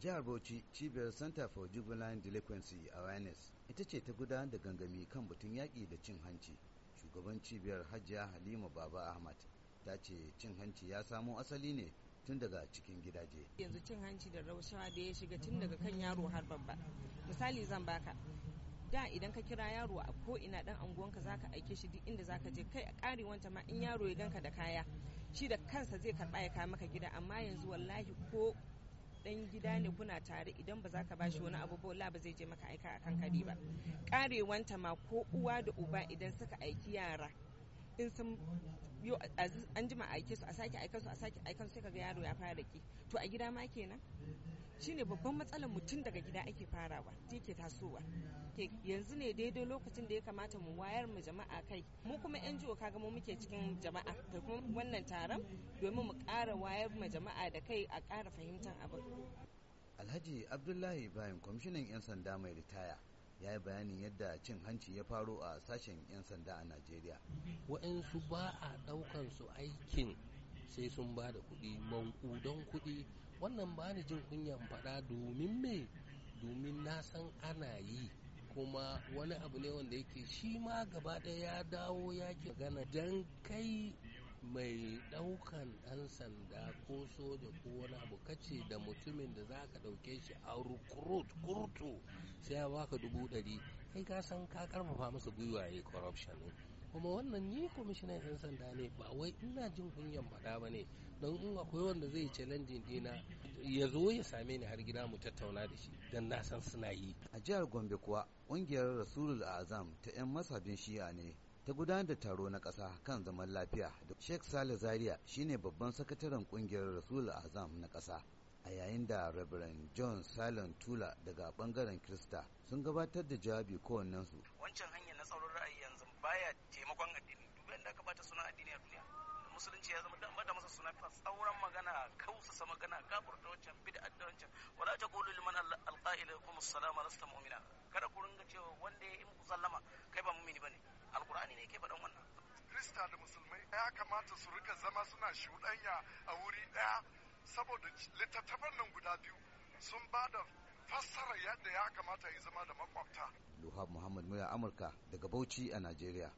jihar bauchi cibiyar center for juvenile delinquency awareness ita ce ta gudanar da gangami kan batun yaƙi da cin hanci shugaban cibiyar hajiya halima baba ahmad ta ce cin hanci ya samo asali ne tun daga cikin gidaje yanzu cin hanci da raushawa da ya shiga tun daga kan yaro har babba misali zan baka da idan ka kira yaro a ko ina dan anguwanka zaka aike shi duk inda zaka je kai a kare wanta ma in yaro ya ganka da kaya shi da kansa zai karɓa ya kawo maka gida amma yanzu wallahi ko dan gida ne kuna tare idan ba za ka bashi wani abu ba ba zai je maka aika a kari ba karewanta ma ko uwa da uba idan suka aiki yara in sun an jima aike su a sake su a sake su sai kaga yaro ya fara ki to a gida ma kenan shine babban matsalar mutum daga gida ake farawa ke tasowa yanzu ne daidai lokacin da ya kamata mu wayar mu jama'a kai mu kuma yan jiwo kaga mu muke cikin jama'a da kuma wannan taron domin mu ƙara wayar mu jama'a da kai a ƙara fahimtar abin alhaji abdullahi bayan kwamishinan 'yan sanda mai ritaya ya yi bayanin yadda cin hanci ya faro a sashen 'yan sanda a najeriya waɗansu ba a su aikin sai sun ba da kuɗi don kuɗi wannan ba ni jin kunyan faɗa domin me domin na san ana yi kuma wani abu ne wanda yake shi ma gaba ɗaya ya dawo ya ke magana don kai mai ɗaukan ɗan sanda ko soja ko wani abu kace da mutumin da za ka ɗauke shi a rukurut kurtu sai ya baka dubu ɗari kai ka san ka karfafa masa gwiwaye corruption kuma wannan ni kwamishinan 'yan sanda ne ba wai ina jin kunyan faɗa ba ne don in akwai wanda zai yi challenging dina ya zo ya same ni har gida mu tattauna da shi don na san suna yi a jihar gombe kuwa ƙungiyar rasulul azam ta 'yan masabin shi'a ne ta gudanar da taro na ƙasa kan zaman lafiya da sheikh sale zaria shine babban sakataren ƙungiyar rasulul azam na ƙasa a yayin da Reverend John Silent Tula daga bangaren Krista sun gabatar da jawabi kowannensu. Wancan hanyar na tsaron baya taimakon addini duk yadda aka bata suna addini a duniya da musulunci ya zama da bada masa suna tsauran magana kausasa magana da wancan bid'a da wancan wala ta qulu liman alqa'ila kum assalamu alasta mu'mina kada ku ringa cewa wanda ya yi muku sallama kai ba mu'mini bane alqur'ani ne ke faɗan wannan krista da musulmai ya kamata su rika zama suna shuɗanya a wuri ɗaya saboda littattafan nan guda biyu sun ba da fassara yadda ya kamata ya zama da makwabta. Luhab Muhammad Mura Amurka daga Bauchi a Najeriya.